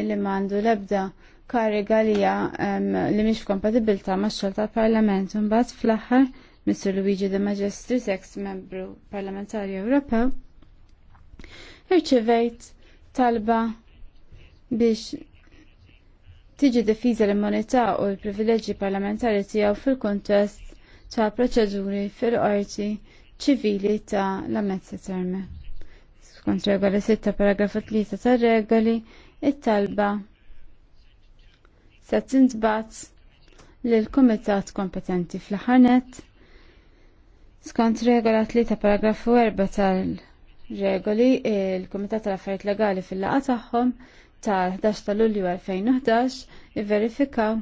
illi mandu lebda kariga li li mhix kompatibilta ma' xogħol tal-Parlament imbagħad fl-aħħar Mr. Luigi De Magistris, ex membru parlamentari Ewropew, irċivejt talba biex tiġi defiża l-immunità u l-privileġġi parlamentari tiegħu fil-kuntest ta' proċeduri fil-qorti ċivili ta' la mezza terme. Skont regoli 6 paragrafu 3 tar regoli It-talba se tintbagħat lill-kumitat kompetenti fl-ħanet skont regola 3 paragrafu 4 tal-regoli il-Kumitat tal-Affarijiet Legali fil-laqa tagħhom tal-11 ta' Lulju 2011 iverifikaw